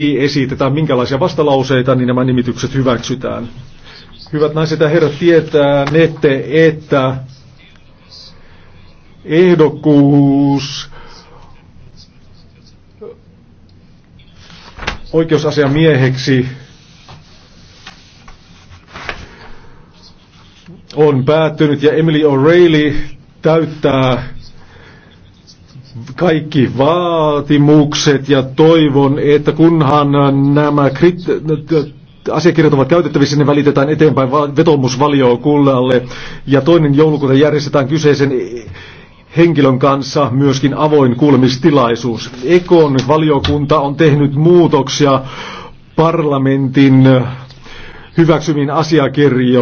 ei esitetä minkälaisia vastalauseita, niin nämä nimitykset hyväksytään. Hyvät naiset ja herrat, tietää nette, että ehdokkuus oikeusasiamieheksi on päättynyt ja Emily O'Reilly täyttää kaikki vaatimukset ja toivon, että kunhan nämä krit, asiakirjat ovat käytettävissä, ne välitetään eteenpäin vetomusvaliokunnalle. Ja toinen joulukuuta järjestetään kyseisen henkilön kanssa myöskin avoin kuulemistilaisuus. Ekon valiokunta on tehnyt muutoksia parlamentin hyväksymiin asiakirjoihin.